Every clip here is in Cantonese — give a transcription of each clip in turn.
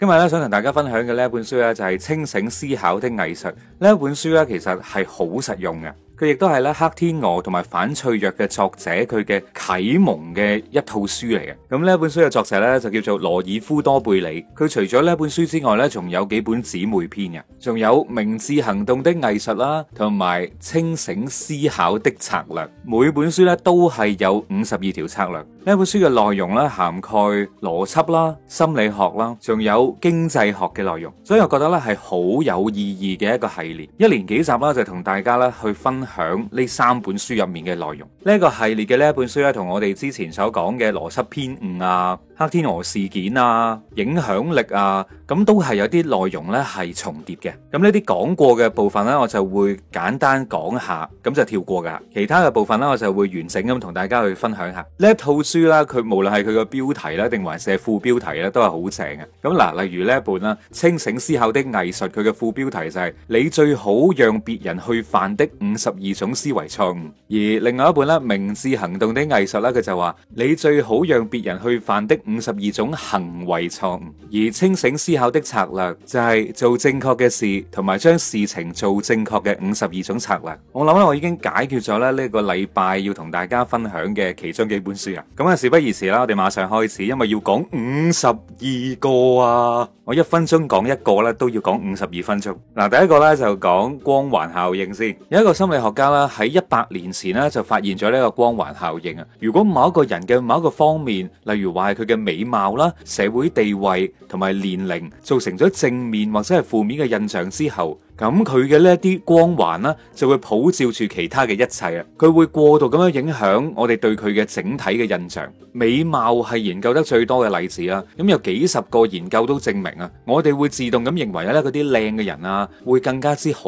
今日咧想同大家分享嘅呢一本書咧就係清醒思考的藝術。呢一本書咧其實係好實用嘅，佢亦都係咧黑天鵝同埋反脆弱嘅作者佢嘅啟蒙嘅一套書嚟嘅。咁呢一本書嘅作者咧就叫做羅爾夫多貝里。佢除咗呢一本書之外咧，仲有幾本姊妹篇嘅，仲有明智行動的藝術啦，同埋清醒思考的策略。每本書咧都係有五十二條策略。呢本書嘅內容咧涵蓋邏輯啦、心理學啦，仲有經濟學嘅內容，所以我覺得咧係好有意義嘅一個系列。一連幾集啦，就同大家咧去分享呢三本書入面嘅內容。呢一個系列嘅呢一本書咧，同我哋之前所講嘅邏輯偏誤啊。黑天鵝事件啊，影響力啊，咁都係有啲內容呢係重疊嘅。咁呢啲講過嘅部分呢，我就會簡單講下，咁就跳過噶。其他嘅部分呢，我就會完整咁同大家去分享下。呢一套書啦，佢無論係佢個標題啦，定還是副標題咧，都係好正嘅。咁、嗯、嗱，例如呢一本啦，《清醒思考的藝術》，佢嘅副標題就係、是、你最好讓別人去犯的五十二種思維錯誤。而另外一本咧，《明智行動的藝術》咧，佢就話你最好讓別人去犯的。五十二種行為錯誤，而清醒思考的策略就係做正確嘅事，同埋將事情做正確嘅五十二種策略。我諗咧，我已經解決咗咧呢個禮拜要同大家分享嘅其中幾本書啦。咁啊，事不宜遲啦，我哋馬上開始，因為要講五十二個啊，我一分鐘講一個咧，都要講五十二分鐘。嗱，第一個咧就講光環效應先。有一個心理學家啦，喺一百年前呢，就發現咗呢個光環效應啊。如果某一個人嘅某一個方面，例如話係佢嘅美貌啦、社會地位同埋年齡造成咗正面或者係負面嘅印象之後。咁佢嘅呢一啲光環咧，就會普照住其他嘅一切啊！佢會過度咁樣影響我哋對佢嘅整體嘅印象。美貌係研究得最多嘅例子啦，咁有幾十個研究都證明啊，我哋會自動咁認為咧，嗰啲靚嘅人啊，會更加之可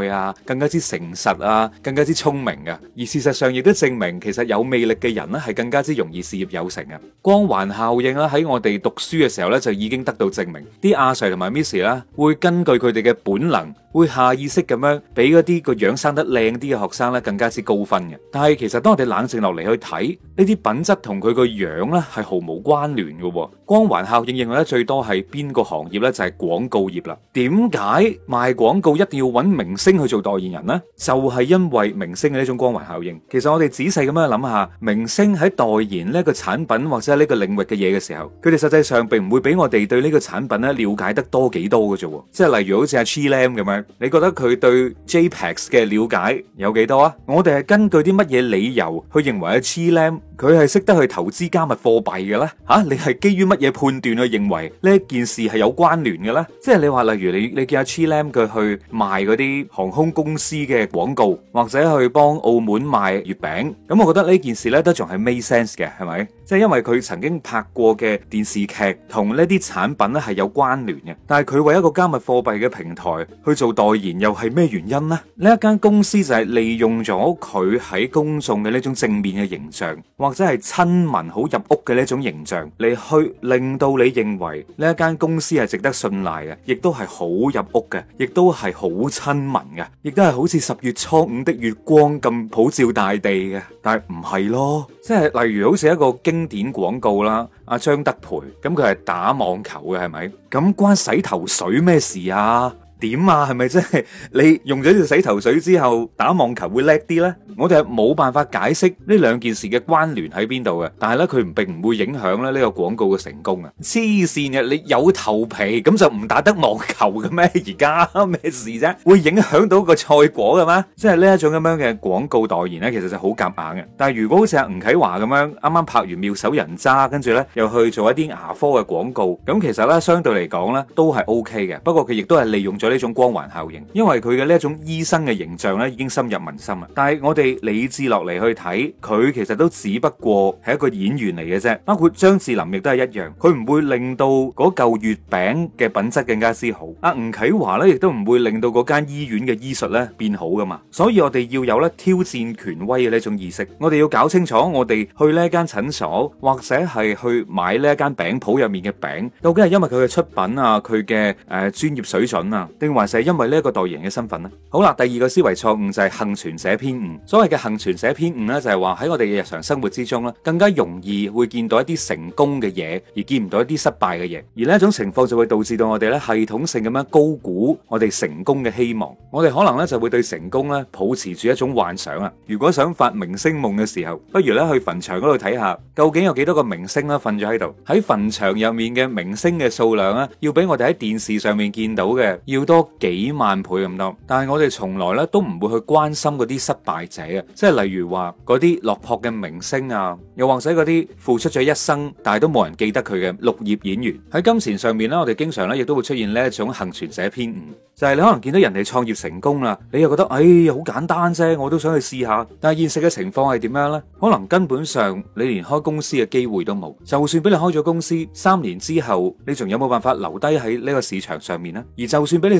愛啊，更加之誠實啊，更加之聰明啊。而事實上亦都證明，其實有魅力嘅人咧，係更加之容易事業有成嘅。光環效應咧，喺我哋讀書嘅時候咧，就已經得到證明。啲阿 Sir 同埋 Miss 咧，會根據佢哋嘅本能。會下意識咁樣俾嗰啲個樣生得靚啲嘅學生咧，更加之高分嘅。但係其實當我哋冷靜落嚟去睇呢啲品質同佢個樣咧，係毫無關聯嘅。光環效應應用得咧，最多係邊個行業咧就係、是、廣告業啦。點解賣廣告一定要揾明星去做代言人呢？就係、是、因為明星嘅呢種光環效應。其實我哋仔細咁樣諗下，明星喺代言呢個產品或者呢個領域嘅嘢嘅時候，佢哋實際上並唔會俾我哋對呢個產品咧了解得多幾多嘅啫。即係例如好似阿 Chilam 咁樣。你覺得佢對 JPEX 嘅了解有幾多啊？我哋係根據啲乜嘢理由去認為啊 c 佢係識得去投資加密貨幣嘅咧嚇？你係基於乜嘢判斷去認為呢一件事係有關聯嘅咧？即係你話例如你你叫阿 Chilam 佢去賣嗰啲航空公司嘅廣告，或者去幫澳門賣月餅咁、嗯，我覺得呢件事咧都仲係 make sense 嘅，係咪？即係因為佢曾經拍過嘅電視劇同呢啲產品咧係有關聯嘅。但係佢為一個加密貨幣嘅平台去做代言，又係咩原因呢？呢一間公司就係利用咗佢喺公眾嘅呢種正面嘅形象，或者係親民，好入屋嘅呢一種形象，你去令到你認為呢一間公司係值得信賴嘅，亦都係好入屋嘅，亦都係好親民嘅，亦都係好似十月初五的月光咁普照大地嘅。但係唔係咯，即係例如好似一個經典廣告啦，阿、啊、張德培咁，佢係打網球嘅係咪？咁關洗頭水咩事啊？點啊？係咪真係你用咗支洗頭水之後打網球會叻啲呢？我哋係冇辦法解釋呢兩件事嘅關聯喺邊度嘅。但係呢，佢並唔會影響咧呢個廣告嘅成功啊！黐線嘅，你有頭皮咁就唔打得網球嘅咩？而家咩事啫？會影響到個賽果嘅咩？即係呢一種咁樣嘅廣告代言呢，其實就好夾硬嘅。但係如果好似阿吳啟華咁樣，啱啱拍完《妙手人渣》，跟住呢又去做一啲牙科嘅廣告，咁其實呢，相對嚟講呢，都係 OK 嘅。不過佢亦都係利用咗。呢種光環效應，因為佢嘅呢種醫生嘅形象咧，已經深入民心啦。但係我哋理智落嚟去睇，佢其實都只不過係一個演員嚟嘅啫。包括張智霖亦都係一樣，佢唔會令到嗰嚿月餅嘅品質更加之好。阿吳啟華咧，亦都唔會令到嗰間醫院嘅醫術咧變好噶嘛。所以我哋要有咧挑戰權威嘅呢種意識，我哋要搞清楚我，我哋去呢間診所或者係去買呢間餅鋪入面嘅餅，究竟係因為佢嘅出品啊，佢嘅誒專業水準啊？定還是係因為呢一個代言人嘅身份咧？好啦，第二個思維錯誤就係幸存者偏誤。所謂嘅幸存者偏誤咧，就係話喺我哋嘅日常生活之中咧，更加容易會見到一啲成功嘅嘢，而見唔到一啲失敗嘅嘢。而呢一種情況就會導致到我哋咧系統性咁樣高估我哋成功嘅希望。我哋可能咧就會對成功咧抱持住一種幻想啊！如果想發明星夢嘅時候，不如咧去墳場嗰度睇下，究竟有幾多個明星啦瞓咗喺度？喺墳場入面嘅明星嘅數量咧，要比我哋喺電視上面見到嘅要多。多幾萬倍咁多，但係我哋從來咧都唔會去關心嗰啲失敗者啊，即係例如話嗰啲落魄嘅明星啊，又或者嗰啲付出咗一生但係都冇人記得佢嘅綠葉演員。喺金錢上面咧，我哋經常咧亦都會出現呢一種幸存者偏誤，就係你可能見到人哋創業成功啦，你又覺得哎好簡單啫，我都想去試下，但係現實嘅情況係點樣呢？可能根本上你連開公司嘅機會都冇，就算俾你開咗公司，三年之後你仲有冇辦法留低喺呢個市場上面呢？而就算俾你。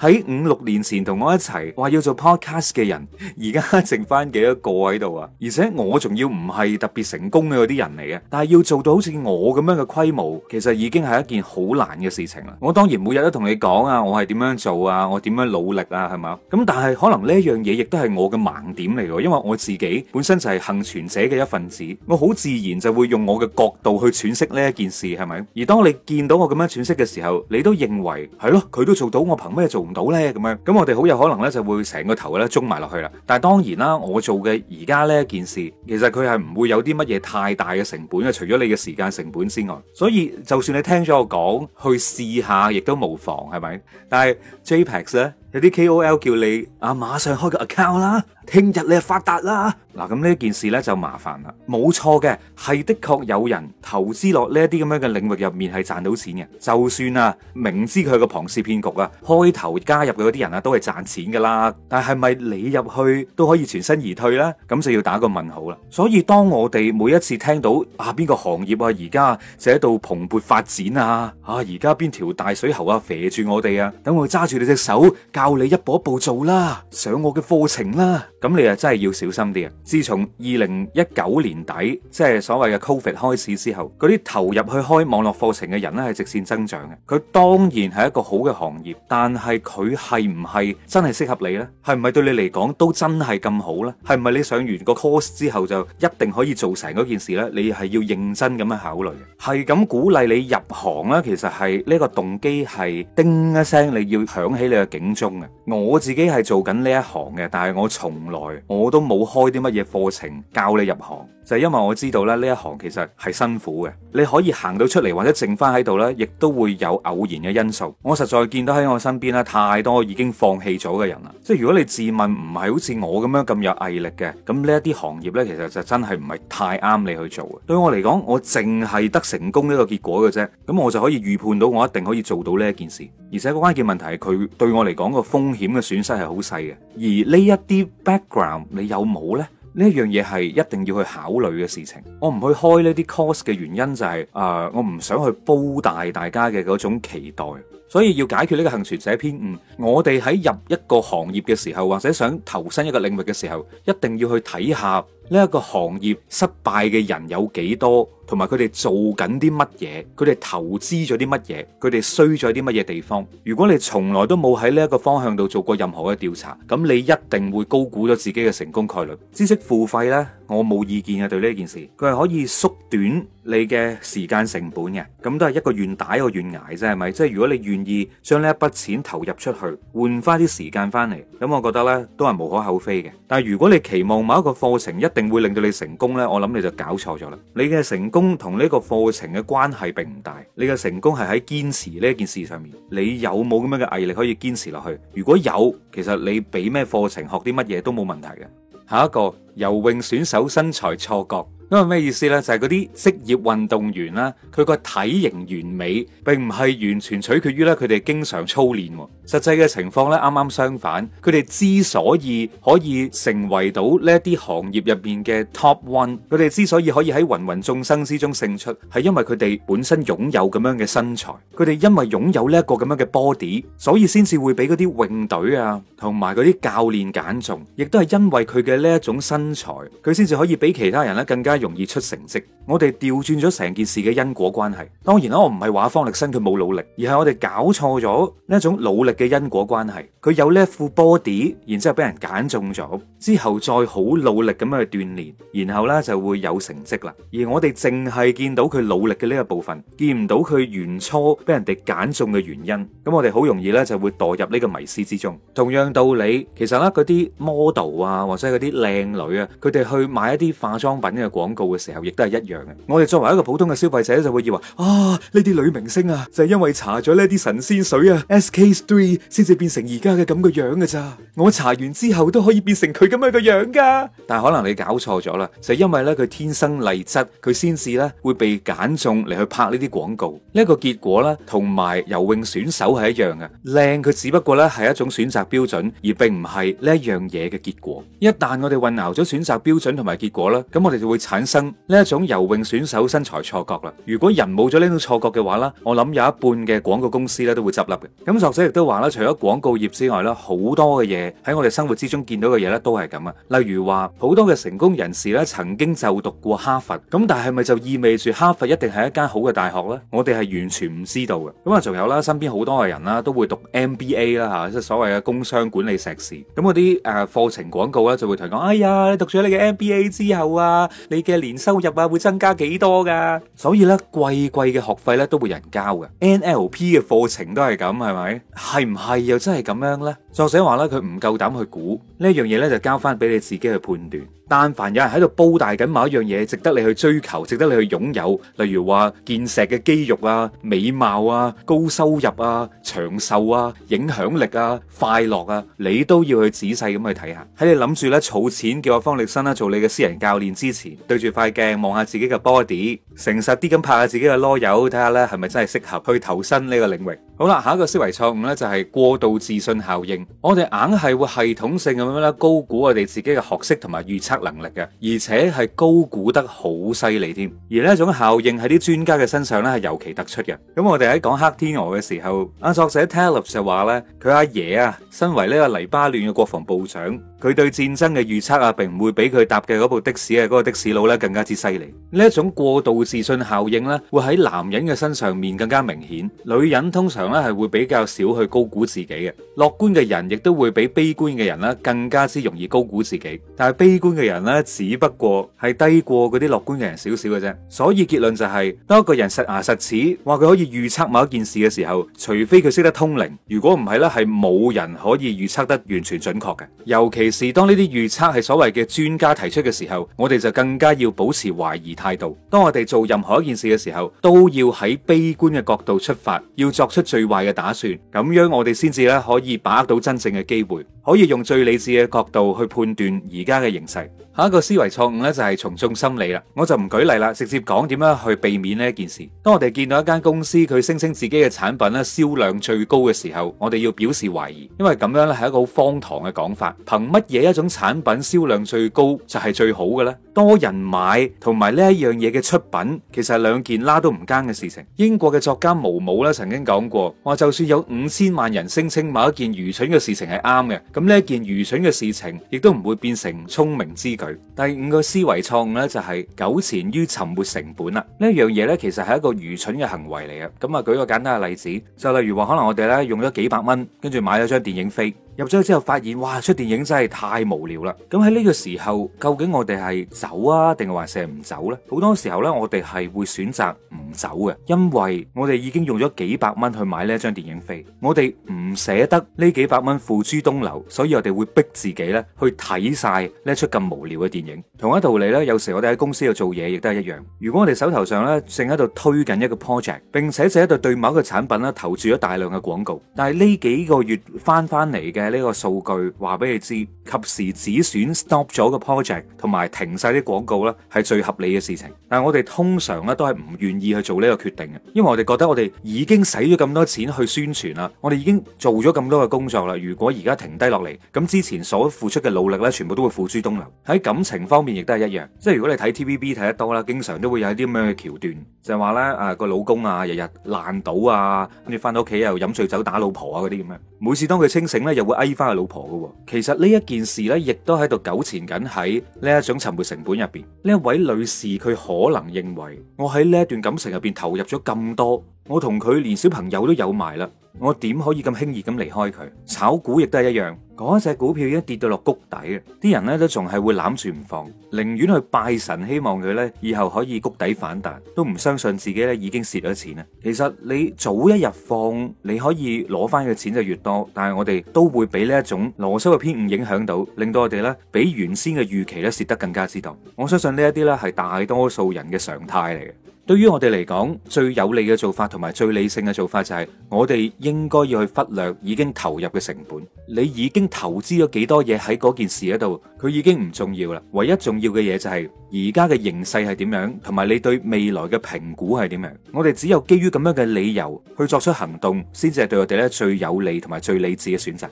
喺五六年前同我一齊話要做 podcast 嘅人，而家剩翻幾多個喺度啊？而且我仲要唔係特別成功嘅嗰啲人嚟嘅，但係要做到好似我咁樣嘅規模，其實已經係一件好難嘅事情啦。我當然每日都同你講啊，我係點樣做啊，我點樣努力啊，係嘛？咁但係可能呢一樣嘢亦都係我嘅盲點嚟㗎，因為我自己本身就係幸存者嘅一份子，我好自然就會用我嘅角度去詮釋呢一件事，係咪？而當你見到我咁樣詮釋嘅時候，你都認為係咯，佢都做到，我憑咩做？用到呢，咁樣，咁我哋好有可能呢，就會成個頭呢，中埋落去啦。但係當然啦，我做嘅而家呢一件事，其實佢係唔會有啲乜嘢太大嘅成本嘅，除咗你嘅時間成本之外。所以就算你聽咗我講去試下，亦都無妨，係咪？但係 JPEX 呢？有啲 KOL 叫你啊，馬上開個 account 啦，聽日你就發達啦。嗱，咁呢件事呢就麻煩啦。冇錯嘅，係的確有人投資落呢一啲咁樣嘅領域入面係賺到錢嘅。就算啊，明知佢個龐氏騙局啊，開頭加入嘅嗰啲人啊都係賺錢噶啦。但係咪你入去都可以全身而退呢？咁就要打個問號啦。所以當我哋每一次聽到啊，邊個行業啊而家就喺度蓬勃發展啊，啊而家邊條大水喉啊斜住、呃、我哋啊，等我揸住你隻手。教你一步一步做啦，上我嘅課程啦，咁你啊真係要小心啲啊！自從二零一九年底即係所謂嘅 Covid 開始之後，嗰啲投入去開網絡課程嘅人咧係直線增長嘅。佢當然係一個好嘅行業，但係佢係唔係真係適合你咧？係唔係對你嚟講都真係咁好咧？係唔係你上完個 course 之後就一定可以做成嗰件事咧？你係要認真咁樣考慮嘅。係咁鼓勵你入行咧，其實係呢個動機係叮一聲你要響起你嘅警鐘。我自己係做緊呢一行嘅，但係我從來我都冇開啲乜嘢課程教你入行。就因為我知道咧，呢一行其實係辛苦嘅。你可以行到出嚟，或者剩翻喺度呢，亦都會有偶然嘅因素。我實在見到喺我身邊咧太多已經放棄咗嘅人啦。即係如果你自問唔係好似我咁樣咁有毅力嘅，咁呢一啲行業呢，其實就真係唔係太啱你去做嘅。對我嚟講，我淨係得成功呢個結果嘅啫，咁我就可以預判到我一定可以做到呢一件事。而且個關鍵問題係佢對我嚟講個風險嘅損失係好細嘅。而呢一啲 background，你有冇呢？呢一樣嘢係一定要去考慮嘅事情。我唔去開呢啲 course 嘅原因就係、是、啊、呃，我唔想去煲大大家嘅嗰種期待，所以要解決呢個幸存者偏誤。我哋喺入一個行業嘅時候，或者想投身一個領域嘅時候，一定要去睇下。呢一個行業失敗嘅人有幾多，同埋佢哋做緊啲乜嘢，佢哋投資咗啲乜嘢，佢哋衰咗啲乜嘢地方？如果你從來都冇喺呢一個方向度做過任何嘅調查，咁你一定會高估咗自己嘅成功概率。知識付費呢。我冇意見嘅對呢件事，佢係可以縮短你嘅時間成本嘅，咁都係一個願打一個願挨啫，係咪？即係如果你願意將呢一筆錢投入出去，換翻啲時間翻嚟，咁我覺得呢都係無可厚非嘅。但係如果你期望某一個課程一定會令到你成功呢，我諗你就搞錯咗啦。你嘅成功同呢個課程嘅關係並唔大，你嘅成功係喺堅持呢件事上面，你有冇咁樣嘅毅力可以堅持落去？如果有，其實你俾咩課程學啲乜嘢都冇問題嘅。下一個游泳選手身材錯覺。咁啊，咩意思呢？就係嗰啲職業運動員啦，佢個體型完美，並唔係完全取決於咧佢哋經常操練。實際嘅情況咧，啱啱相反。佢哋之所以可以成為到呢一啲行業入邊嘅 top one，佢哋之所以可以喺芸芸眾生之中勝出，係因為佢哋本身擁有咁樣嘅身材。佢哋因為擁有呢一個咁樣嘅 body，所以先至會俾嗰啲泳隊啊，同埋嗰啲教練揀中，亦都係因為佢嘅呢一種身材，佢先至可以比其他人咧更加。容易出成績，我哋調轉咗成件事嘅因果關係。當然啦，我唔係話方力申佢冇努力，而係我哋搞錯咗呢一種努力嘅因果關係。佢有呢一副 body，然之後俾人揀中咗，之後再好努力咁樣去鍛鍊，然後呢就會有成績啦。而我哋淨係見到佢努力嘅呢個部分，見唔到佢原初俾人哋揀中嘅原因。咁我哋好容易呢就會墮入呢個迷思之中。同樣道理，其實呢嗰啲 model 啊，或者嗰啲靚女啊，佢哋去買一啲化妝品嘅廣廣告嘅時候亦都係一樣嘅。我哋作為一個普通嘅消費者，就會以為啊，呢啲女明星啊，就係因為搽咗呢啲神仙水啊，S K three，先至變成而家嘅咁嘅樣嘅咋？我搽完之後都可以變成佢咁樣嘅樣噶？但係可能你搞錯咗啦，就係因為咧佢天生麗質，佢先至咧會被揀中嚟去拍呢啲廣告。呢一個結果咧，同埋游泳選手係一樣嘅。靚，佢只不過咧係一種選擇標準，而並唔係呢一樣嘢嘅結果。一旦我哋混淆咗選擇標準同埋結果咧，咁我哋就會產。產生呢一種游泳選手身材錯覺啦。如果人冇咗呢種錯覺嘅話呢，我諗有一半嘅廣告公司咧都會執笠嘅。咁作者亦都話啦，除咗廣告業之外咧，好多嘅嘢喺我哋生活之中見到嘅嘢呢都係咁啊。例如話，好多嘅成功人士呢曾經就讀過哈佛，咁但係咪就意味住哈佛一定係一間好嘅大學呢？我哋係完全唔知道嘅。咁啊，仲有啦，身邊好多嘅人啦，都會讀 MBA 啦、啊、吓，即係所謂嘅工商管理碩士。咁嗰啲誒課程廣告咧就會同你講：哎呀，你讀咗你嘅 MBA 之後啊，嘅年收入啊，會增加幾多噶？所以咧，貴貴嘅學費咧都會人交嘅。NLP 嘅課程都係咁，係咪？係唔係又真係咁樣咧？作者話咧，佢唔夠膽去估呢樣嘢咧，就交翻俾你自己去判斷。但凡有人喺度煲大緊某一樣嘢，值得你去追求，值得你去擁有，例如話健碩嘅肌肉啊、美貌啊、高收入啊、長壽啊、影響力啊、快樂啊，你都要去仔細咁去睇下。喺你諗住咧儲錢叫阿方力申啦、啊、做你嘅私人教練之前，對住塊鏡望下自己嘅 body，誠實啲咁拍下自己嘅囉柚，睇下呢係咪真係適合去投身呢個領域。好啦，下一個思維錯誤咧就係過度自信效應。我哋硬係會系統性咁樣咧高估我哋自己嘅學識同埋預測能力嘅，而且係高估得好犀利添。而呢一種效應喺啲專家嘅身上咧係尤其突出嘅。咁我哋喺講黑天鵝嘅時候，阿作者 Taleb 就話咧，佢阿爺啊，身為呢個黎巴嫩嘅國防部長。佢對戰爭嘅預測啊，並唔會比佢搭嘅嗰部的士嘅嗰、嗰個的士佬咧更加之犀利。呢一種過度自信效應咧，會喺男人嘅身上面更加明顯。女人通常咧係會比較少去高估自己嘅。樂觀嘅人亦都會比悲觀嘅人咧更加之容易高估自己。但係悲觀嘅人咧，只不過係低過嗰啲樂觀嘅人少少嘅啫。所以結論就係、係，當一個人實牙實齒話佢可以預測某一件事嘅時候，除非佢識得通靈，如果唔係咧，係冇人可以預測得完全準確嘅。尤其。當是當呢啲預測係所謂嘅專家提出嘅時候，我哋就更加要保持懷疑態度。當我哋做任何一件事嘅時候，都要喺悲觀嘅角度出發，要作出最壞嘅打算，咁樣我哋先至咧可以把握到真正嘅機會。可以用最理智嘅角度去判斷而家嘅形勢。下一個思維錯誤呢，就係從眾心理啦，我就唔舉例啦，直接講點樣去避免咧件事。當我哋見到一間公司佢聲稱自己嘅產品咧銷量最高嘅時候，我哋要表示懷疑，因為咁樣咧係一個好荒唐嘅講法。憑乜嘢一種產品銷量最高就係最好嘅咧？多人買同埋呢一樣嘢嘅出品，其實係兩件拉都唔㗎嘅事情。英國嘅作家毛姆咧曾經講過，話就算有五千萬人聲稱某一件愚蠢嘅事情係啱嘅。咁呢件愚蠢嘅事情，亦都唔會變成聰明之舉。第五個思維錯誤呢，就是，就係糾纏於沉沒成本啦。呢樣嘢呢，其實係一個愚蠢嘅行為嚟嘅。咁啊，舉個簡單嘅例子，就例如話，可能我哋呢用咗幾百蚊，跟住買咗張電影飛。入咗去之後發現，哇！出電影真係太無聊啦。咁喺呢個時候，究竟我哋係走啊，定係還是係唔走呢？好多時候呢，我哋係會選擇唔走嘅，因為我哋已經用咗幾百蚊去買呢一張電影飛，我哋唔捨得呢幾百蚊付諸東流，所以我哋會逼自己呢去睇晒呢一出咁無聊嘅電影。同一道理呢，有時我哋喺公司度做嘢亦都係一樣。如果我哋手頭上呢正喺度推緊一個 project，並且正喺度對某一個產品呢投注咗大量嘅廣告，但係呢幾個月返返嚟嘅。呢個數據話俾你知，及時止損 stop 咗個 project、同埋停晒啲廣告呢係最合理嘅事情。但係我哋通常咧都係唔願意去做呢個決定嘅，因為我哋覺得我哋已經使咗咁多錢去宣傳啦，我哋已經做咗咁多嘅工作啦。如果而家停低落嚟，咁之前所付出嘅努力呢，全部都會付諸東流。喺感情方面亦都係一樣，即係如果你睇 TVB 睇得多啦，經常都會有啲咁樣嘅橋段，就係話呢啊個老公啊日日爛賭啊，跟住翻到屋企又飲醉酒打老婆啊嗰啲咁樣。每次當佢清醒咧，又會嗌翻佢老婆嘅，哦。其實呢一件事咧，亦都喺度糾纏緊喺呢一種沉沒成本入邊。呢一位女士，佢可能認為我喺呢一段感情入邊投入咗咁多。我同佢連小朋友都有埋啦，我點可以咁輕易咁離開佢？炒股亦都係一樣，嗰隻股票已跌到落谷底，啲人咧都仲係會攬住唔放，寧願去拜神，希望佢呢以後可以谷底反彈，都唔相信自己呢已經蝕咗錢啊！其實你早一日放，你可以攞翻嘅錢就越多，但係我哋都會俾呢一種邏輯嘅偏誤影響到，令到我哋呢比原先嘅預期呢蝕得更加之多。我相信呢一啲呢係大多數人嘅常態嚟嘅。對於我哋嚟講，最有利嘅做法同埋最理性嘅做法就係，我哋應該要去忽略已經投入嘅成本。你已經投資咗幾多嘢喺嗰件事嗰度，佢已經唔重要啦。唯一重要嘅嘢就係而家嘅形勢係點樣，同埋你對未來嘅評估係點樣。我哋只有基於咁樣嘅理由去作出行動，先至係對我哋咧最有利同埋最理智嘅選擇。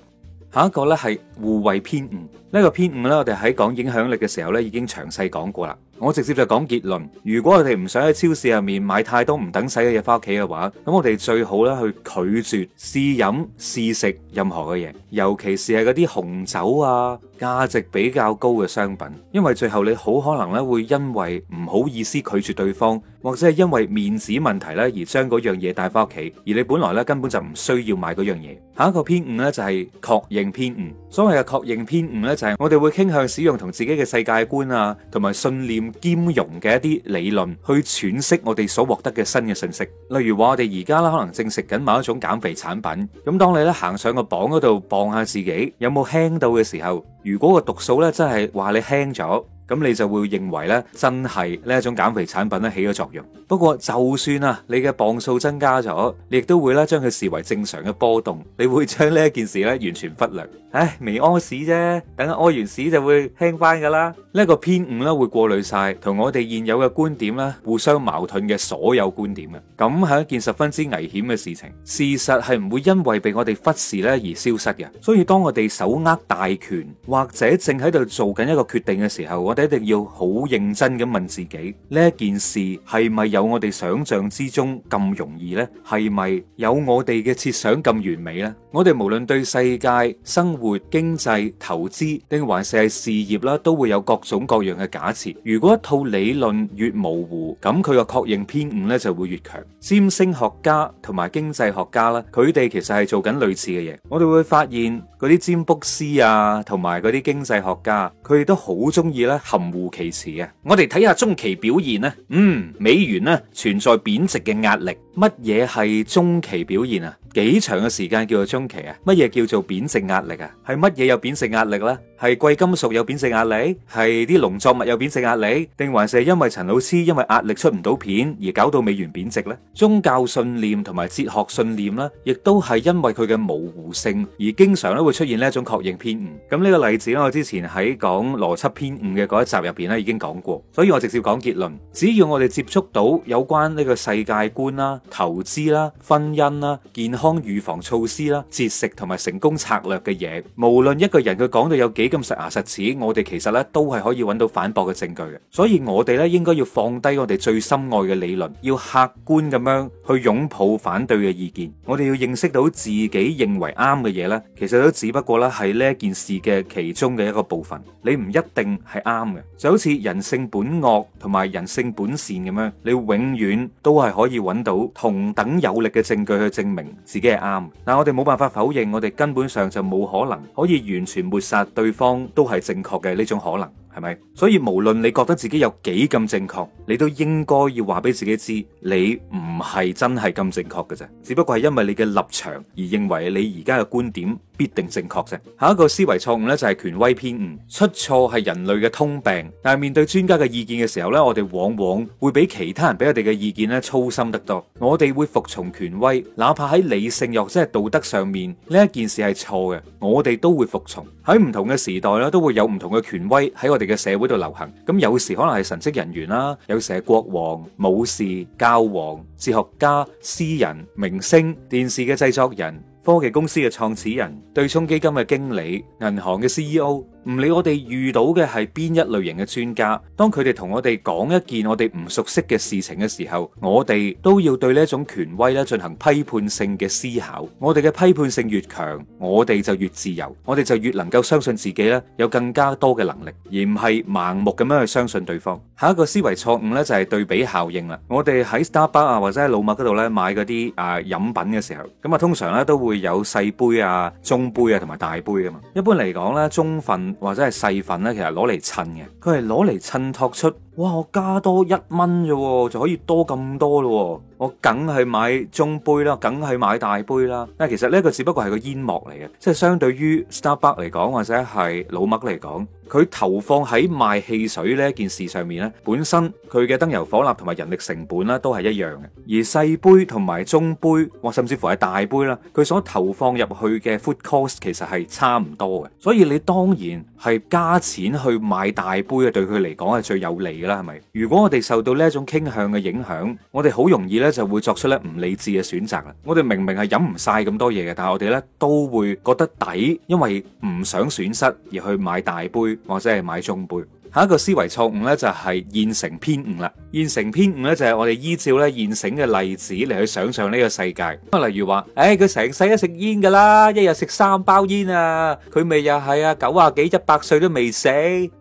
下一個咧係互惠偏誤。個五呢個偏誤呢，我哋喺講影響力嘅時候呢，已經詳細講過啦。我直接就講結論：如果我哋唔想喺超市入面買太多唔等使嘅嘢翻屋企嘅話，咁我哋最好呢去拒絕試飲試，飲試食任何嘅嘢，尤其是係嗰啲紅酒啊，價值比較高嘅商品。因為最後你好可能呢會因為唔好意思拒絕對方，或者係因為面子問題呢而將嗰樣嘢帶翻屋企，而你本來呢根本就唔需要買嗰樣嘢。下一個偏誤呢，就係、是、確認偏誤。所謂嘅確認偏誤呢。就係我哋會傾向使用同自己嘅世界觀啊，同埋信念兼容嘅一啲理論去詮釋我哋所獲得嘅新嘅信息。例如話我哋而家啦，可能正食緊某一種減肥產品。咁當你咧行上個磅嗰度磅下自己有冇輕到嘅時候，如果個讀數咧真係話你輕咗，咁你就會認為咧真係呢一種減肥產品咧起咗作用。不過就算啊，你嘅磅數增加咗，你亦都會咧將佢視為正常嘅波動，你會將呢一件事咧完全忽略。唉，未屙屎啫，等下屙完屎就會輕翻噶啦。呢一個偏誤咧會過濾晒同我哋現有嘅觀點咧互相矛盾嘅所有觀點嘅，咁係一件十分之危險嘅事情。事實係唔會因為被我哋忽視咧而消失嘅。所以當我哋手握大權或者正喺度做緊一個決定嘅時候，我哋一定要好認真咁問自己，呢一件事係咪有我哋想象之中咁容易呢？係咪有我哋嘅設想咁完美呢？我哋無論對世界生活，活經濟投資定還是係事業啦，都會有各種各樣嘅假設。如果一套理論越模糊，咁佢個確認偏誤咧就會越強。占星學家同埋經濟學家啦，佢哋其實係做緊類似嘅嘢。我哋會發現。嗰啲占卜師啊，同埋嗰啲經濟學家，佢哋都好中意咧含糊其辭嘅。我哋睇下中期表現咧，嗯，美元咧存在貶值嘅壓力。乜嘢係中期表現啊？幾長嘅時間叫做中期啊？乜嘢叫做貶值壓力啊？係乜嘢有貶值壓力咧？係貴金屬有貶值壓力？係啲農作物有貶值壓力？定還是係因為陳老師因為壓力出唔到片而搞到美元貶值咧？宗教信念同埋哲學信念啦，亦都係因為佢嘅模糊性而經常咧。會出現呢一種確認偏誤。咁呢個例子咧，我之前喺講邏輯偏誤嘅嗰一集入邊咧已經講過，所以我直接講結論。只要我哋接觸到有關呢個世界觀啦、投資啦、婚姻啦、健康預防措施啦、節食同埋成功策略嘅嘢，無論一個人佢講到有幾咁實牙實齒，我哋其實咧都係可以搵到反駁嘅證據嘅。所以我哋咧應該要放低我哋最深愛嘅理論，要客觀咁樣去擁抱反對嘅意見。我哋要認識到自己認為啱嘅嘢咧，其實都。只不過咧，係呢件事嘅其中嘅一個部分，你唔一定係啱嘅，就好似人性本惡同埋人性本善咁樣，你永遠都係可以揾到同等有力嘅證據去證明自己係啱。但我哋冇辦法否認，我哋根本上就冇可能可以完全抹殺對方都係正確嘅呢種可能。係咪？所以無論你覺得自己有幾咁正確，你都應該要話俾自己知，你唔係真係咁正確嘅啫。只不過係因為你嘅立場而認為你而家嘅觀點必定正確啫。下一個思維錯誤咧就係、是、權威偏誤，出錯係人類嘅通病。但係面對專家嘅意見嘅時候咧，我哋往往會比其他人俾我哋嘅意見咧操心得多。我哋會服從權威，哪怕喺理性或者係道德上面呢一件事係錯嘅，我哋都會服從。喺唔同嘅時代啦，都會有唔同嘅權威喺我哋嘅社會度流行，咁有時可能係神職人員啦，有時係國王、武士、教皇、哲學家、詩人、明星、電視嘅製作人、科技公司嘅創始人、對沖基金嘅經理、銀行嘅 CEO。唔理我哋遇到嘅係邊一類型嘅專家，當佢哋同我哋講一件我哋唔熟悉嘅事情嘅時候，我哋都要對呢一種權威咧進行批判性嘅思考。我哋嘅批判性越強，我哋就越自由，我哋就越能夠相信自己咧有更加多嘅能力，而唔係盲目咁樣去相信對方。下一個思維錯誤咧就係對比效應啦。我哋喺 Starbucks 啊或者喺老麥嗰度咧買嗰啲啊飲品嘅時候，咁啊通常咧都會有細杯啊、中杯啊同埋大杯㗎嘛。一般嚟講咧，中份。或者係細粉咧，其實攞嚟襯嘅，佢係攞嚟襯托出。哇！我加多一蚊啫，就可以多咁多咯。我梗係買中杯啦，梗係買大杯啦。但其實呢個只不過係個煙幕嚟嘅，即係相對於 Starbucks 嚟講或者係老麥嚟講，佢投放喺賣汽水呢一件事上面咧，本身佢嘅燈油火蠟同埋人力成本咧都係一樣嘅。而細杯同埋中杯，或甚至乎係大杯啦，佢所投放入去嘅 food cost 其實係差唔多嘅。所以你當然係加錢去買大杯啊，對佢嚟講係最有利嘅。係咪？如果我哋受到呢一種傾向嘅影響，我哋好容易咧就會作出咧唔理智嘅選擇啦。我哋明明係飲唔晒咁多嘢嘅，但係我哋咧都會覺得抵，因為唔想損失而去買大杯或者係買中杯。下一個思維錯誤咧就係現成偏誤啦，現成偏誤咧就係我哋依照咧現成嘅例子嚟去想象呢個世界，例如話，誒佢成世都食煙噶啦，一日食三包煙啊，佢咪又係啊九啊幾一百歲都未死，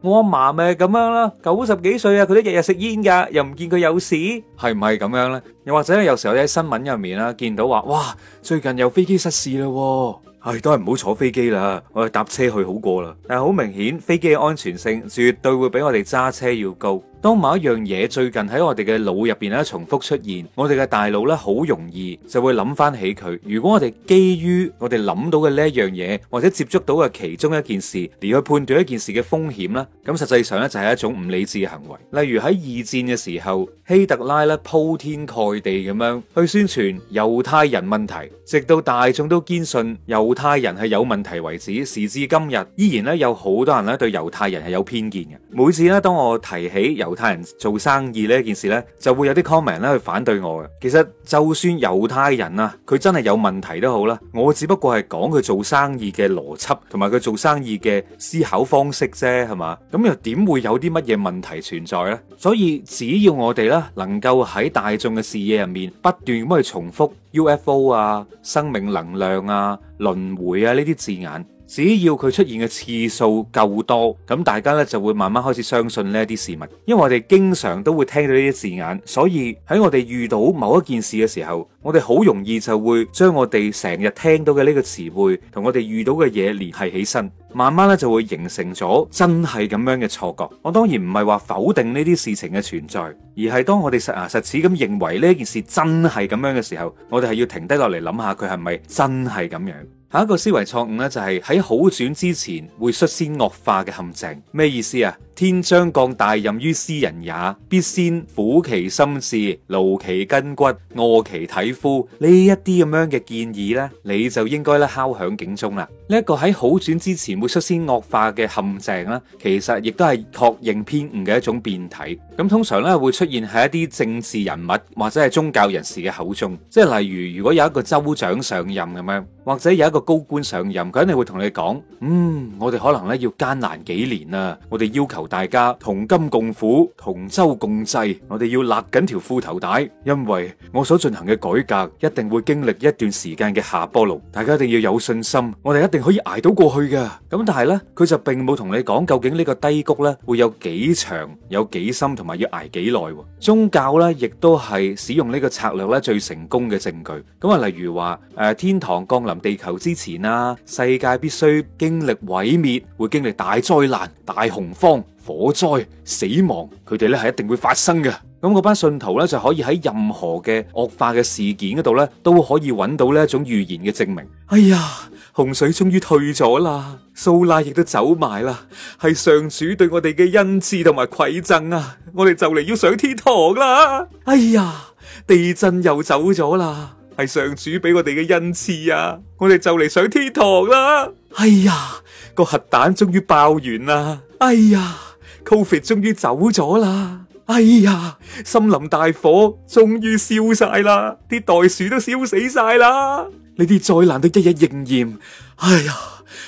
我阿嫲咪咁樣啦，九十幾歲啊佢都日日食煙噶，又唔見佢有事，係唔係咁樣咧？又或者有時候咧喺新聞入面啦見到話，哇最近有飛機失事啦喎，哦。係，當然唔好坐飛機啦，我哋搭車去好過啦。但係好明顯，飛機嘅安全性絕對會比我哋揸車要高。當某一樣嘢最近喺我哋嘅腦入邊咧重複出現，我哋嘅大腦咧好容易就會諗返起佢。如果我哋基於我哋諗到嘅呢一樣嘢，或者接觸到嘅其中一件事，而去判斷一件事嘅風險啦，咁實際上咧就係一種唔理智嘅行為。例如喺二戰嘅時候，希特拉咧鋪天蓋地咁樣去宣傳猶太人問題，直到大眾都堅信猶太人係有問題為止。時至今日，依然咧有好多人咧對猶太人係有偏見嘅。每次咧當我提起猶猶太人做生意呢件事呢，就會有啲 comment 咧去反對我嘅。其實就算猶太人啊，佢真係有問題都好啦，我只不過係講佢做生意嘅邏輯同埋佢做生意嘅思考方式啫，係嘛？咁又點會有啲乜嘢問題存在呢？所以只要我哋呢，能夠喺大眾嘅視野入面不斷咁去重複 UFO 啊、生命能量啊、輪迴啊呢啲字眼。只要佢出現嘅次數夠多，咁大家呢就會慢慢開始相信呢啲事物，因為我哋經常都會聽到呢啲字眼，所以喺我哋遇到某一件事嘅時候，我哋好容易就會將我哋成日聽到嘅呢個詞彙同我哋遇到嘅嘢聯繫起身，慢慢咧就會形成咗真係咁樣嘅錯覺。我當然唔係話否定呢啲事情嘅存在，而係當我哋實牙實齒咁認為呢件事真係咁樣嘅時候，我哋係要停低落嚟諗下佢係咪真係咁樣。下一個思維錯誤呢，就係喺好轉之前會率先惡化嘅陷阱，咩意思啊？天將降大任於斯人也，必先苦其心志，勞其筋骨，餓其體膚，呢一啲咁樣嘅建議呢，你就應該咧敲響警鐘啦。呢一個喺好轉之前會率先惡化嘅陷阱啦，其實亦都係確認偏誤嘅一種變體。咁通常咧會出現喺一啲政治人物或者係宗教人士嘅口中，即係例如如果有一個州長上任咁樣，或者有一個高官上任，佢肯定會同你講：嗯，我哋可能咧要艱難幾年啊！我哋要求大家同甘共苦、同舟共濟，我哋要勒緊條褲頭帶，因為我所進行嘅改革一定會經歷一段時間嘅下坡路。大家一定要有信心，我哋一定可以挨到過去嘅，咁但係呢，佢就並冇同你講究竟呢個低谷呢會有幾長、有幾深，同埋要挨幾耐。宗教呢亦都係使用呢個策略呢最成功嘅證據。咁、嗯、啊，例如話誒、呃，天堂降臨地球之前啊，世界必須經歷毀滅，會經歷大災難、大洪荒。火災死亡，佢哋咧係一定會發生嘅。咁嗰班信徒咧就可以喺任何嘅惡化嘅事件嗰度咧，都可以揾到呢一種預言嘅證明。哎呀，洪水終於退咗啦，蘇拉亦都走埋啦，係上主對我哋嘅恩賜同埋饋贈啊！我哋就嚟要上天堂啦！哎呀，地震又走咗啦，係上主俾我哋嘅恩賜啊！我哋就嚟上天堂啦！哎呀，個核彈終於爆完啦！哎呀！COVID 終於走咗啦！哎呀，森林大火終於燒晒啦，啲袋鼠都燒死晒啦！呢啲災難都一一應驗。哎呀，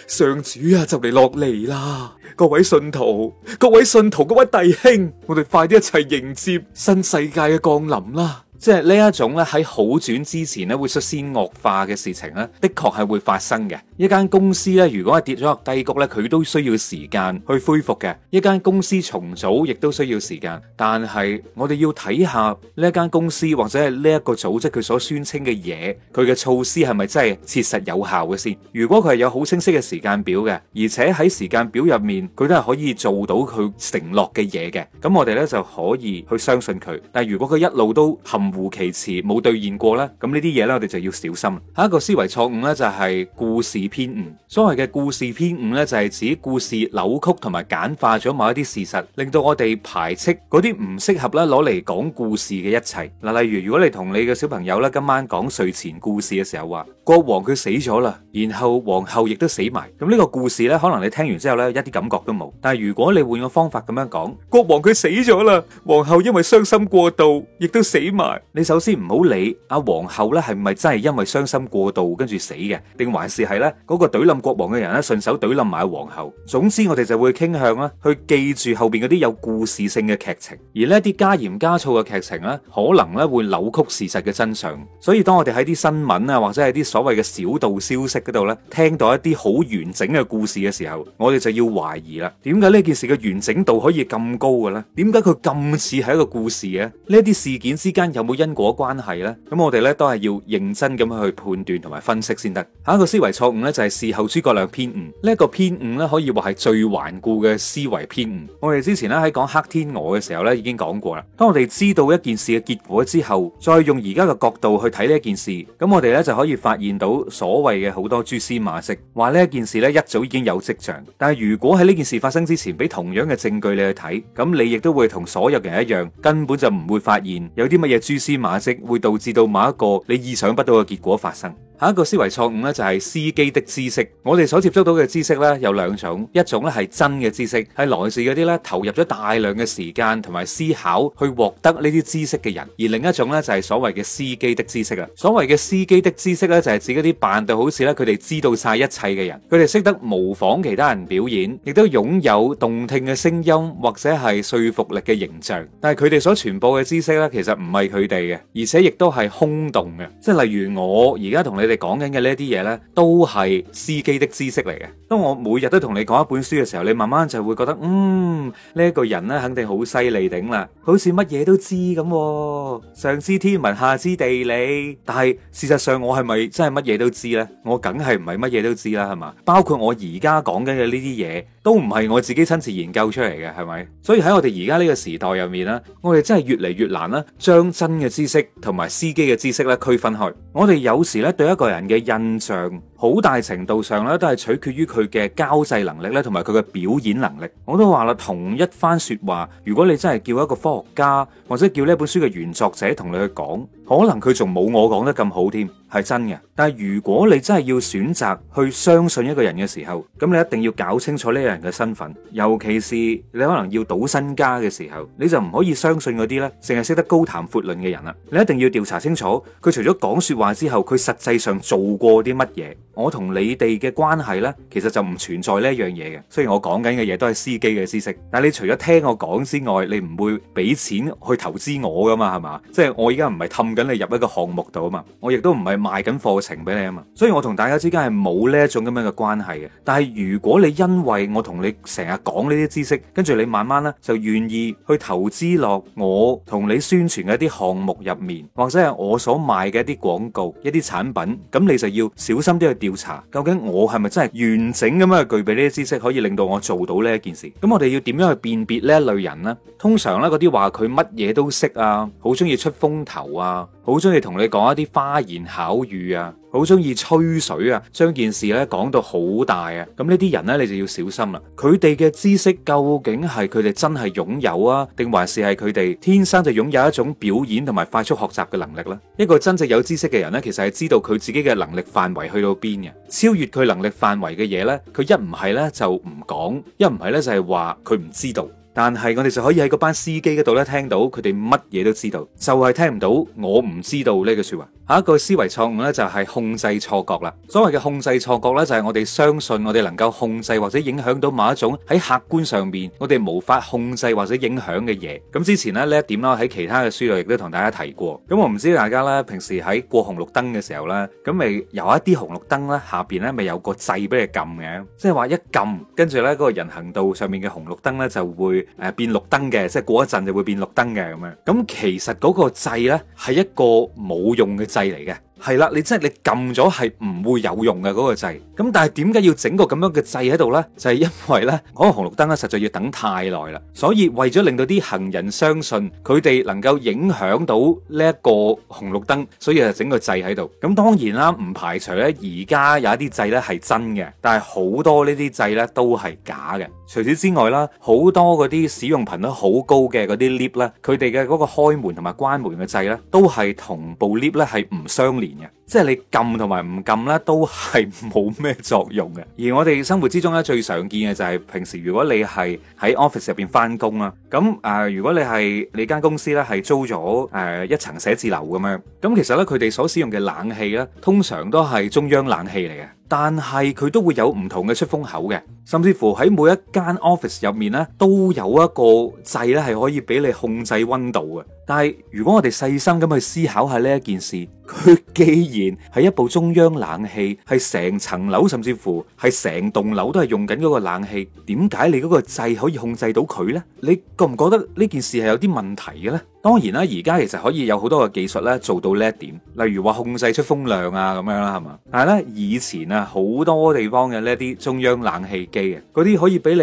上主啊，就嚟落嚟啦！各位信徒，各位信徒，各位弟兄，我哋快啲一齊迎接新世界嘅降臨啦！即係呢一種咧喺好轉之前咧會率先惡化嘅事情呢，的確係會發生嘅。一間公司咧，如果係跌咗落低谷咧，佢都需要時間去恢復嘅。一間公司重組亦都需要時間，但係我哋要睇下呢一間公司或者係呢一個組織佢所宣稱嘅嘢，佢嘅措施係咪真係切實有效嘅先？如果佢係有好清晰嘅時間表嘅，而且喺時間表入面佢都係可以做到佢承諾嘅嘢嘅，咁我哋咧就可以去相信佢。但係如果佢一路都含糊其辭，冇兌現過咧，咁呢啲嘢咧我哋就要小心。下一個思維錯誤咧就係故事偏誤，所謂嘅故事偏誤呢，就係指故事扭曲同埋簡化咗某一啲事實，令到我哋排斥嗰啲唔適合呢攞嚟講故事嘅一切嗱。例如，如果你同你嘅小朋友呢今晚講睡前故事嘅時候話，國王佢死咗啦，然後皇后亦都死埋。咁呢個故事呢，可能你聽完之後呢一啲感覺都冇。但係如果你換個方法咁樣講，國王佢死咗啦，皇后因為傷心過度亦都死埋。你首先唔好理阿皇后呢係咪真係因為傷心過度跟住死嘅，定還是係呢？嗰個懟冧國王嘅人咧，順手懟冧埋皇后。總之我哋就會傾向啦，去記住後邊嗰啲有故事性嘅劇情，而呢一啲加鹽加醋嘅劇情咧，可能咧會扭曲事實嘅真相。所以當我哋喺啲新聞啊，或者係啲所謂嘅小道消息嗰度咧，聽到一啲好完整嘅故事嘅時候，我哋就要懷疑啦。點解呢件事嘅完整度可以咁高嘅咧？點解佢咁似係一個故事嘅？呢一啲事件之間有冇因果關係咧？咁我哋咧都係要認真咁樣去判斷同埋分析先得。下一個思維錯誤咧。就係事後諸葛亮偏誤，呢一個偏誤咧可以話係最頑固嘅思維偏誤。我哋之前咧喺講黑天鵝嘅時候咧已經講過啦。當我哋知道一件事嘅結果之後，再用而家嘅角度去睇呢件事，咁我哋咧就可以發現到所謂嘅好多蛛絲馬跡，話呢一件事咧一早已經有跡象。但係如果喺呢件事發生之前，俾同樣嘅證據你去睇，咁你亦都會同所有人一樣，根本就唔會發現有啲乜嘢蛛絲馬跡會導致到某一個你意想不到嘅結果發生。下一個思維錯誤咧就係司機的知識。我哋所接觸到嘅知識咧有兩種，一種咧係真嘅知識，係來自嗰啲咧投入咗大量嘅時間同埋思考去獲得呢啲知識嘅人；而另一種咧就係所謂嘅司機的知識啊。所謂嘅司機的知識咧就係指嗰啲扮到好似咧佢哋知道晒一切嘅人，佢哋識得模仿其他人表演，亦都擁有動聽嘅聲音或者係說服力嘅形象。但係佢哋所傳播嘅知識咧其實唔係佢哋嘅，而且亦都係空洞嘅。即係例如我而家同你。我哋講緊嘅呢啲嘢呢，都係司機的知識嚟嘅。當我每日都同你講一本書嘅時候，你慢慢就會覺得，嗯，呢、這、一個人咧，肯定好犀利頂啦，好似乜嘢都知咁，哦，上知天文下知地理。但係事實上，我係咪真係乜嘢都知呢？我梗係唔係乜嘢都知啦，係嘛？包括我而家講緊嘅呢啲嘢，都唔係我自己親自研究出嚟嘅，係咪？所以喺我哋而家呢個時代入面啊，我哋真係越嚟越難啦，將真嘅知識同埋司機嘅知識咧區分開。我哋有時咧對一個人嘅印象好大程度上咧，都係取決於佢嘅交際能力咧，同埋佢嘅表演能力。我都話啦，同一番說話，如果你真係叫一個科學家，或者叫呢本書嘅原作者同你去講。可能佢仲冇我講得咁好添，係真嘅。但係如果你真係要選擇去相信一個人嘅時候，咁你一定要搞清楚呢個人嘅身份，尤其是你可能要賭身家嘅時候，你就唔可以相信嗰啲咧，淨係識得高談闊論嘅人啦。你一定要調查清楚佢除咗講說話之後，佢實際上做過啲乜嘢。我同你哋嘅關係咧，其實就唔存在呢一樣嘢嘅。雖然我講緊嘅嘢都係司機嘅知識，但係你除咗聽我講之外，你唔會俾錢去投資我噶嘛，係嘛？即係我而家唔係氹。緊你入一個項目度啊嘛，我亦都唔係賣緊課程俾你啊嘛，所以我同大家之間係冇呢一種咁樣嘅關係嘅。但係如果你因為我同你成日講呢啲知識，跟住你慢慢咧就願意去投資落我同你宣傳嘅一啲項目入面，或者係我所賣嘅一啲廣告、一啲產品，咁你就要小心啲去調查，究竟我係咪真係完整咁樣去具備呢啲知識，可以令到我做到呢一件事？咁我哋要點樣去辨別呢一類人呢？通常咧嗰啲話佢乜嘢都識啊，好中意出風頭啊。好中意同你講一啲花言巧語啊，好中意吹水啊，將件事咧講到好大啊，咁呢啲人呢，你就要小心啦。佢哋嘅知識究竟係佢哋真係擁有啊，定還是係佢哋天生就擁有一種表演同埋快速學習嘅能力呢？一個真正有知識嘅人呢，其實係知道佢自己嘅能力範圍去到邊嘅，超越佢能力範圍嘅嘢呢，佢一唔係呢，就唔講，一唔係呢，就係話佢唔知道。但係我哋就可以喺班司機度咧聽到佢哋乜嘢都知道，就係、是、聽唔到我唔知道呢個說話。下一個思維錯誤咧就係控制錯覺啦。所謂嘅控制錯覺咧就係我哋相信我哋能夠控制或者影響到某一種喺客觀上邊我哋無法控制或者影響嘅嘢。咁之前咧呢一點啦喺其他嘅書度亦都同大家提過。咁我唔知大家咧平時喺過紅綠燈嘅時候咧，咁咪有一啲紅綠燈咧下邊咧咪有個掣俾你撳嘅，即係話一撳跟住咧嗰個人行道上面嘅紅綠燈咧就會誒變綠燈嘅，即係過一陣就會變綠燈嘅咁樣。咁其實嗰個掣咧係一個冇用嘅掣。係嚟嘅。係啦，你即係你撳咗係唔會有用嘅嗰個掣。咁但係點解要整個咁樣嘅掣喺度呢？就係因為呢，嗰個紅綠燈咧實在要等太耐啦。所以為咗令到啲行人相信佢哋能夠影響到呢一個紅綠燈，所以就整個掣喺度。咁當然啦，唔排除咧，而家有一啲掣咧係真嘅，但係好多呢啲掣咧都係假嘅。除此之外啦，好多嗰啲使用頻率好高嘅嗰啲 lift 咧，佢哋嘅嗰個開門同埋關門嘅掣咧，都係同部 lift 咧係唔相連。即係你撳同埋唔撳咧，都係冇咩作用嘅。而我哋生活之中咧，最常見嘅就係平時如果你係喺 office 入邊翻工啦，咁誒，如果你係你間公司咧係租咗誒一層寫字樓咁樣，咁其實咧佢哋所使用嘅冷氣咧，通常都係中央冷氣嚟嘅，但係佢都會有唔同嘅出風口嘅，甚至乎喺每一間 office 入面咧，都有一個掣咧係可以俾你控制溫度嘅。但係如果我哋細心咁去思考下呢一件事，佢既然係一部中央冷氣，係成層樓甚至乎係成棟樓都係用緊嗰個冷氣，點解你嗰個掣可以控制到佢呢？你覺唔覺得呢件事係有啲問題嘅咧？當然啦，而家其實可以有好多嘅技術咧做到呢一點，例如話控制出風量啊咁樣啦，係嘛。但係咧以前啊，好多地方嘅呢啲中央冷氣機嘅嗰啲可以俾你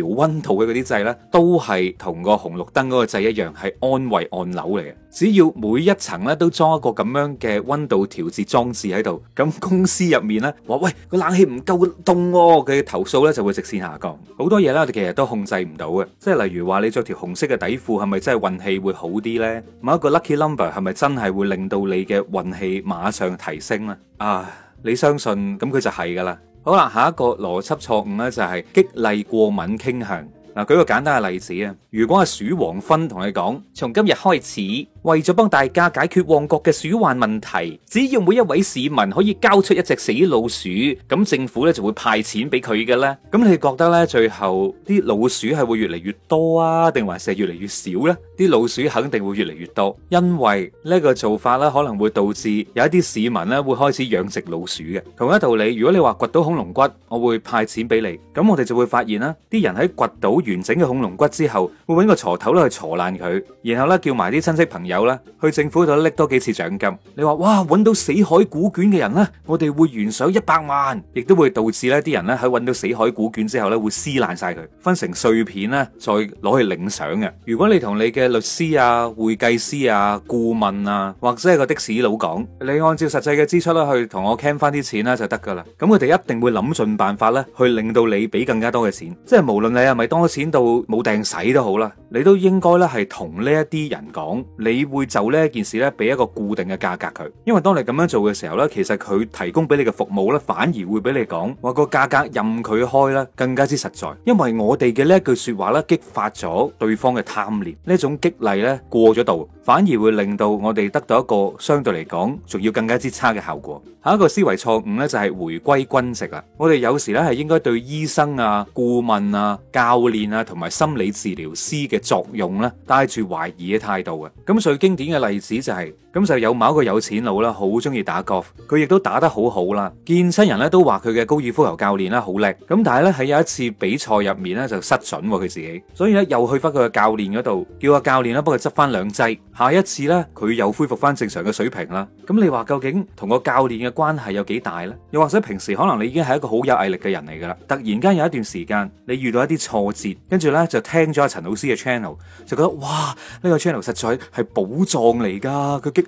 調溫度嘅嗰啲掣咧，都係同個紅綠燈嗰個掣一樣，係安慰按。樓嚟嘅，只要每一層咧都裝一個咁樣嘅温度調節裝置喺度，咁公司入面咧話喂，個冷氣唔夠凍哦嘅投訴咧就會直線下降。好多嘢咧，我哋其實都控制唔到嘅，即係例如話你着條紅色嘅底褲係咪真係運氣會好啲咧？買一個 lucky number 係咪真係會令到你嘅運氣馬上提升咧？啊，你相信咁佢就係噶啦。好啦，下一個邏輯錯誤咧就係激勵過敏傾向。嗱，舉個簡單嘅例子啊，如果係鼠黃昏同你講，從今日開始。為咗幫大家解決旺角嘅鼠患問題，只要每一位市民可以交出一隻死老鼠，咁政府咧，就會派錢俾佢嘅咧。咁你覺得咧，最後啲老鼠係會越嚟越多啊，定還是越嚟越少呢？啲老鼠肯定會越嚟越多，因為呢個做法咧可能會導致有一啲市民咧會開始養殖老鼠嘅。同樣道理，如果你話掘到恐龍骨，我會派錢俾你，咁我哋就會發現啦，啲人喺掘到完整嘅恐龍骨之後，會搵個鋤頭咧去鋤爛佢，然後咧叫埋啲親戚朋友，去政府度拎多幾次獎金。你話哇，揾到死海古卷嘅人呢，我哋會懸賞一百萬，亦都會導致呢啲人咧喺揾到死海古卷之後呢會撕爛晒佢，分成碎片呢再攞去領賞嘅。如果你同你嘅律師啊、會計師啊、顧問啊，或者係個的士佬講，你按照實際嘅支出咧去同我 claim 翻啲錢啦就得噶啦。咁佢哋一定會諗盡辦法呢去令到你俾更加多嘅錢。即係無論你係咪多錢到冇掟使都好啦，你都應該呢係同呢一啲人講你。你會就呢一件事咧，俾一個固定嘅價格佢，因為當你咁樣做嘅時候咧，其實佢提供俾你嘅服務咧，反而會俾你講話個價格任佢開啦，更加之實在。因為我哋嘅呢一句說話咧，激發咗對方嘅貪念，呢種激勵咧過咗度，反而會令到我哋得到一個相對嚟講仲要更加之差嘅效果。下一個思維錯誤咧就係回歸均值啦。我哋有時咧係應該對醫生啊、顧問啊、教練啊同埋心理治療師嘅作用咧，帶住懷疑嘅態度嘅。咁。最經典嘅例子就係、是。咁就有某一個有錢佬啦，好中意打 golf，佢亦都打得好好啦。見親人咧都話佢嘅高爾夫球教練啦好叻，咁但係咧喺有一次比賽入面咧就失準佢自己，所以咧又去翻佢嘅教練嗰度，叫個教練啦幫佢執翻兩劑。下一次咧佢又恢復翻正常嘅水平啦。咁你話究竟同個教練嘅關係有幾大呢？又或者平時可能你已經係一個好有毅力嘅人嚟噶啦，突然間有一段時間你遇到一啲挫折，跟住咧就聽咗阿陳老師嘅 channel，就覺得哇呢個 channel 實在係寶藏嚟噶，佢激。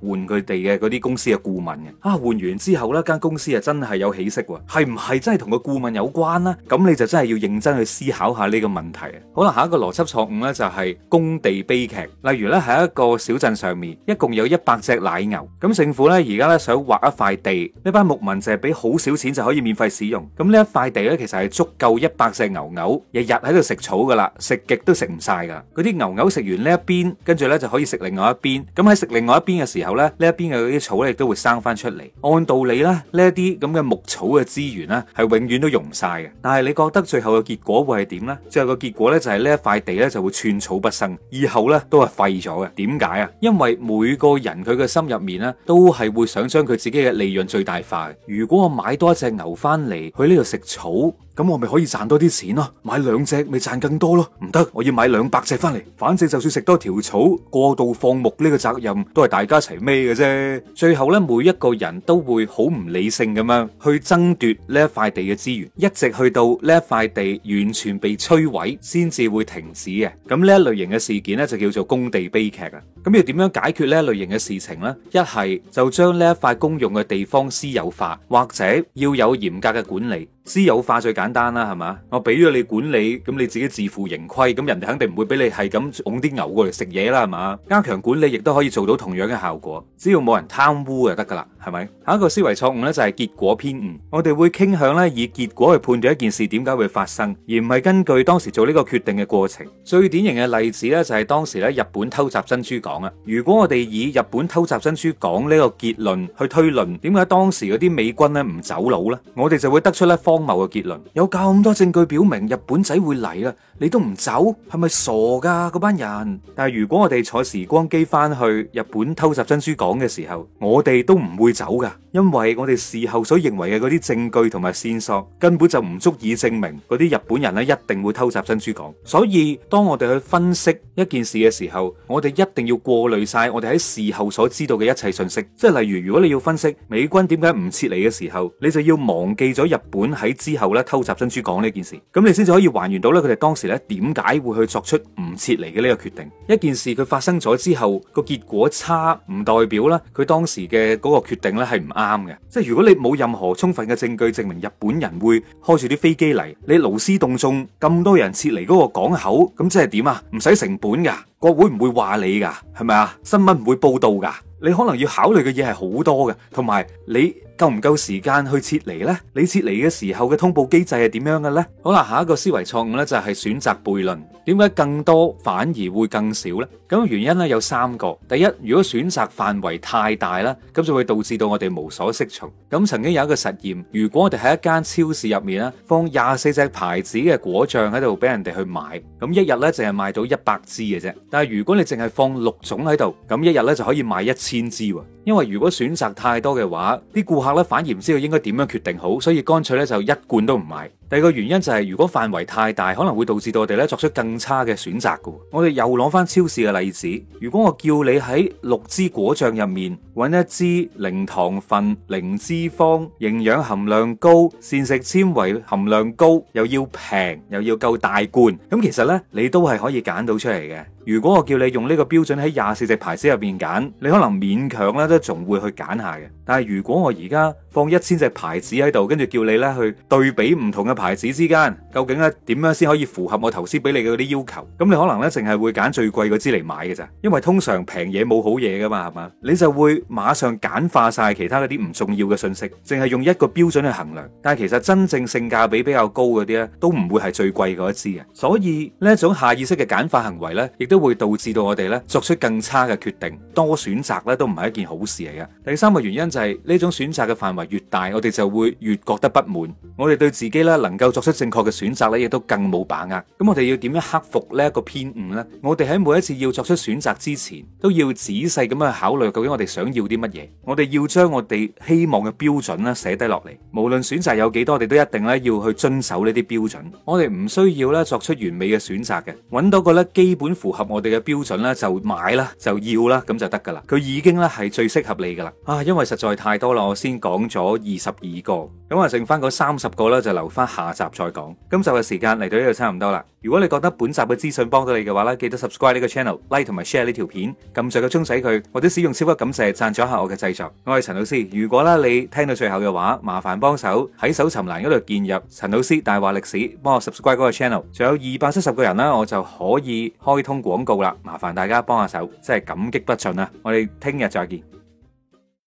換佢哋嘅嗰啲公司嘅顧問嘅啊，換完之後咧，間公司啊真係有起色，係唔係真係同個顧問有關咧？咁你就真係要認真去思考下呢個問題啊！好啦，下一個邏輯錯誤咧就係公地悲劇，例如咧喺一個小鎮上面，一共有一百隻奶牛，咁政府咧而家咧想劃一塊地，呢班牧民淨係俾好少錢就可以免費使用，咁呢一塊地咧其實係足夠一百隻牛牛日日喺度食草噶啦，食極都食唔晒噶，嗰啲牛牛食完呢一邊，跟住咧就可以食另外一邊，咁喺食另外一邊嘅時。然後咧呢一邊嘅嗰啲草咧亦都會生翻出嚟。按道理咧，呢一啲咁嘅牧草嘅資源咧，係永遠都用唔晒嘅。但係你覺得最後嘅結果會係點呢？最後嘅結果咧就係呢一塊地咧就會寸草不生，以後咧都係廢咗嘅。點解啊？因為每個人佢嘅心入面咧都係會想將佢自己嘅利潤最大化。如果我買多一隻牛翻嚟，去呢度食草。咁我咪可以賺多啲錢咯。啊，買兩隻咪賺更多咯，唔得，我要買兩百隻翻嚟，反正就算食多條草，過度放牧呢個責任都係大家一齊孭嘅啫。最後呢，每一個人都會好唔理性咁樣去爭奪呢一塊地嘅資源，一直去到呢一塊地完全被摧毀先至會停止嘅。咁呢一類型嘅事件呢，就叫做公地悲劇啊。咁要點樣解決呢一類型嘅事情呢？一係就將呢一塊公用嘅地方私有化，或者要有嚴格嘅管理。私有化最簡單啦，係嘛？我俾咗你管理，咁你自己自負盈虧，咁人哋肯定唔會俾你係咁拱啲牛過嚟食嘢啦，係嘛？加強管理亦都可以做到同樣嘅效果，只要冇人貪污就得噶啦，係咪？下一個思維錯誤呢，就係結果偏誤，我哋會傾向咧以結果去判斷一件事點解會發生，而唔係根據當時做呢個決定嘅過程。最典型嘅例子呢，就係當時咧日本偷襲珍珠港。講啊，如果我哋以日本偷襲珍珠港呢個結論去推論，點解當時嗰啲美軍咧唔走佬咧？我哋就會得出咧荒謬嘅結論。有咁多證據表明日本仔會嚟啦，你都唔走，係咪傻噶？嗰班人。但係如果我哋坐時光機翻去日本偷襲珍珠港嘅時候，我哋都唔會走噶，因為我哋事後所認為嘅嗰啲證據同埋線索，根本就唔足以證明嗰啲日本人咧一定會偷襲珍珠港。所以當我哋去分析一件事嘅時候，我哋一定要。過濾晒我哋喺事後所知道嘅一切信息，即係例如如果你要分析美軍點解唔撤離嘅時候，你就要忘記咗日本喺之後咧偷襲珍珠港呢件事，咁你先至可以還原到咧佢哋當時咧點解會去作出唔撤離嘅呢個決定。一件事佢發生咗之後，個結果差唔代表咧佢當時嘅嗰個決定咧係唔啱嘅。即係如果你冇任何充分嘅證據證明日本人會開住啲飛機嚟，你勞師動眾咁多人撤離嗰個港口，咁即係點啊？唔使成本㗎。我會唔會話你噶？係咪啊？新聞唔會報道噶。你可能要考慮嘅嘢係好多嘅，同埋你。夠唔夠時間去撤離呢？你撤離嘅時候嘅通報機制係點樣嘅呢？好啦，下一個思維錯誤呢就係選擇悖論。點解更多反而會更少呢？咁原因呢有三個。第一，如果選擇範圍太大啦，咁就會導致到我哋無所適從。咁曾經有一個實驗，如果我哋喺一間超市入面呢，放廿四隻牌子嘅果醬喺度俾人哋去買，咁一日呢淨係賣到一百支嘅啫。但係如果你淨係放六種喺度，咁一日呢就可以賣一千支。因為如果選擇太多嘅話，啲顧客。客咧反而唔知道應該點樣決定好，所以乾脆咧就一罐都唔買。第二個原因就係、是，如果範圍太大，可能會導致到我哋咧作出更差嘅選擇嘅。我哋又攞翻超市嘅例子，如果我叫你喺六支果醬入面揾一支零糖分、零脂肪、營養含量高、膳食纖維含量高，又要平又要夠大罐，咁其實呢，你都係可以揀到出嚟嘅。如果我叫你用呢個標準喺廿四隻牌子入邊揀，你可能勉強咧都仲會去揀下嘅。但係如果我而家放一千隻牌子喺度，跟住叫你咧去對比唔同嘅牌牌子之間究竟咧點樣先可以符合我頭先俾你嗰啲要求？咁你可能咧淨係會揀最貴嗰支嚟買嘅咋，因為通常平嘢冇好嘢噶嘛，係嘛？你就會馬上簡化晒其他嗰啲唔重要嘅信息，淨係用一個標準去衡量。但係其實真正性價比比較高嗰啲呢，都唔會係最貴嗰一支嘅。所以呢一種下意識嘅簡化行為呢，亦都會導致到我哋呢作出更差嘅決定。多選擇呢，都唔係一件好事嚟嘅。第三個原因就係、是、呢種選擇嘅範圍越大，我哋就會越覺得不滿。我哋對自己呢。能夠作出正確嘅選擇咧，亦都更冇把握。咁我哋要點樣克服呢一個偏誤呢？我哋喺每一次要作出選擇之前，都要仔細咁樣考慮究竟我哋想要啲乜嘢。我哋要將我哋希望嘅標準咧寫低落嚟。無論選擇有幾多，我哋都一定咧要去遵守呢啲標準。我哋唔需要咧作出完美嘅選擇嘅，揾到個咧基本符合我哋嘅標準咧就買啦，就要啦，咁就得噶啦。佢已經咧係最適合你噶啦。啊，因為實在太多啦，我先講咗二十二個，咁啊剩翻嗰三十個咧就留翻。下集再講，今集嘅時間嚟到呢度差唔多啦。如果你覺得本集嘅資訊幫到你嘅話咧，記得 subscribe 呢個 channel、like 同埋 share 呢條片，撳着個鐘仔佢或者使用超級感謝讚咗下我嘅製作。我係陳老師，如果咧你聽到最後嘅話，麻煩幫手喺搜尋欄嗰度建入陳老師大話歷史，幫我 subscribe 嗰個 channel。仲有二百七十個人咧，我就可以開通廣告啦。麻煩大家幫下手，真係感激不盡啊！我哋聽日再見。